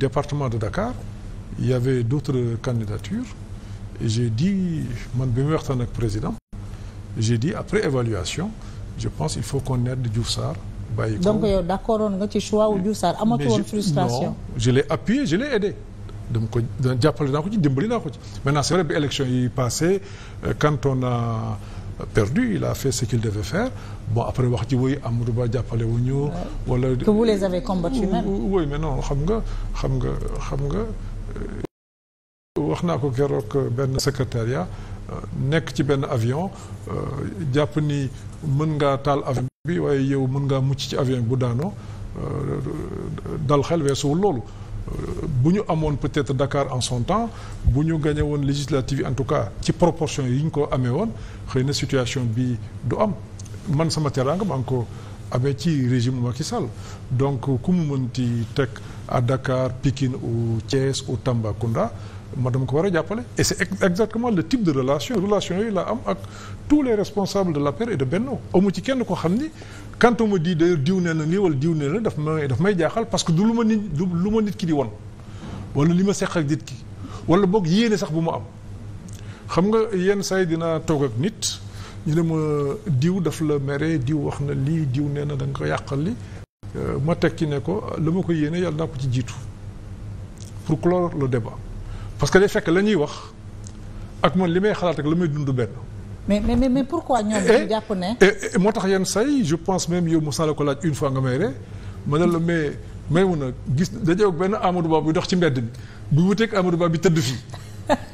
département de Dakar il y avait d'autres candidatures et j'ai dit man bi muy waxtaan ak président j'ai dit après évaluation je pense il faut qu'on aide Diouf Sarr bàyyi ko donc yow d'accord woon nga ci choix wu Diouf Sarr amatu woon frustration je l'ai appuyé je l'ai aidé dama ko jàppale naa ko ci dimbali naa ko ci maintenant c'est vrai bi élection yi passé euh, quand on a perdu il a fait ce qu'il devait faire bon après wax ci woy Amadou Ba jàppale wu ñu. wala que vous les avez combattus xam nga xam nga xam nga. Euh, wax naa ko keroog benn secrétariat euh, nekk ci benn avion euh, jàpp ni mën ngaa taal avion bi waaye yow mën ngaa mucc ci avion bu daanoo dal xel weesuwul loolu. bu ñu amoon peut-être Dakar en son temps bu ñu gagné woon législative yi en tout cas ci proportion yi ñu ko amee woon xëy na situation bi du am man sama teraanga maa ko amee ci régime Macky sal donc ku mu mënti teg à Dakar Pikine ou Thiès ou Tambacounda ma dama ko war a jàppale et c' exactement le type de relation relation yi la am ak tous les responsables de l'APR et de Benno amu ci kenn ko xam ni quand on me diw nee na nii wala diw nee na daf may daf may jaaxal parce que du lu ma nit du lu ma nit ki di won wala li ma seq ak nit ki wala boog yéene sax bu ma am xam nga yenn saa yi dinaa toog ak nit ñu ne ma diw daf la mere diw wax na lii diw nee na da ko yàqal li euh, ma teg tekki ne ko la ma ko yéene yàlla naa ko ci jiitu pour clore le débat parce que day fekk la ñuy wax ak man li may xalaat ak la may dund benn. mais mais eh, eh, eh, moo tax yenn say je pense même yow mos naa laaj une fois nga may ree ma ne la mais may mun a gis daje ak benn Amadou Ba bu dox ci mbedd bi bu wuteeg Amadou bi tëdd fii.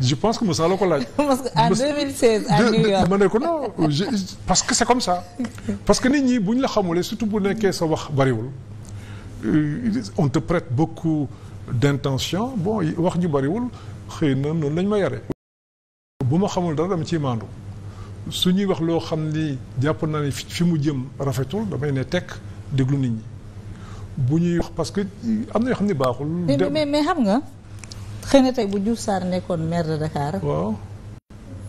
je pense que mu la ko laaj. parce que ma ne ko parce que c'est comme parce que nit ñi bu ñu la xamulee surtout bu nekkee sa wax bariwul. Euh, on te prête beaucoup d'intention bon wax ju bariwul xëy na noonu lañ ma yare bu ma xamul dara dama ciy maandu su ñuy wax loo xam ni jàpp naa ne fi mu jëm rafetul damay ne tekk déglu nit ñi bu ñuy wax parce que am na yoo xam ne baaxul. mais mais xam nga xëy na teg bu Diouf Sarr nekkoon maire de Dakar. waaw.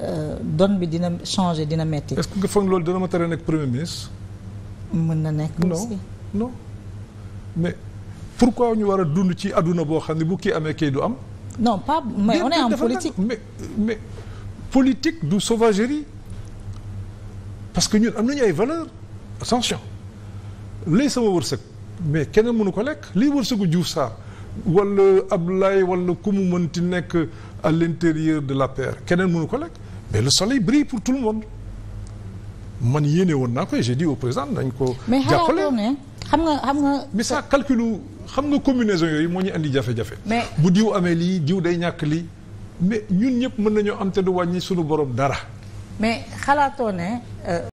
Euh, don bi dina changer dina metti. est-ce que nga foog loolu dana ma tere nekk premier ministre. mën na nekk aussi mais pourquoi ñu war a dund ci àdduna boo xam ne bu kii amee kii du am. non pas mais on est en politique mais mais politique du sauvagerie parce que ñun am nañu ay valeurs attention lii sama wërsëg mais keneen mënu ko lekk lii wërsëgu Diouf Sarr wala Ablaye wala ku mu ti nekk à l'intérieur de la paire keneen mënu ko lekk mais le soleil brille pour tout le monde man yéene woon naa ko j'ai dit au président nañ ko jàppale xam nga xam nga. mais ça calculu xam nga combinaison yooyu moo ñu indi jafe-jafe. bu diw amee lii diw day ñàkk lii mais ñun ñëpp mën nañoo am te du wàññi suñu borom dara. mais xalaatoo ne. Euh,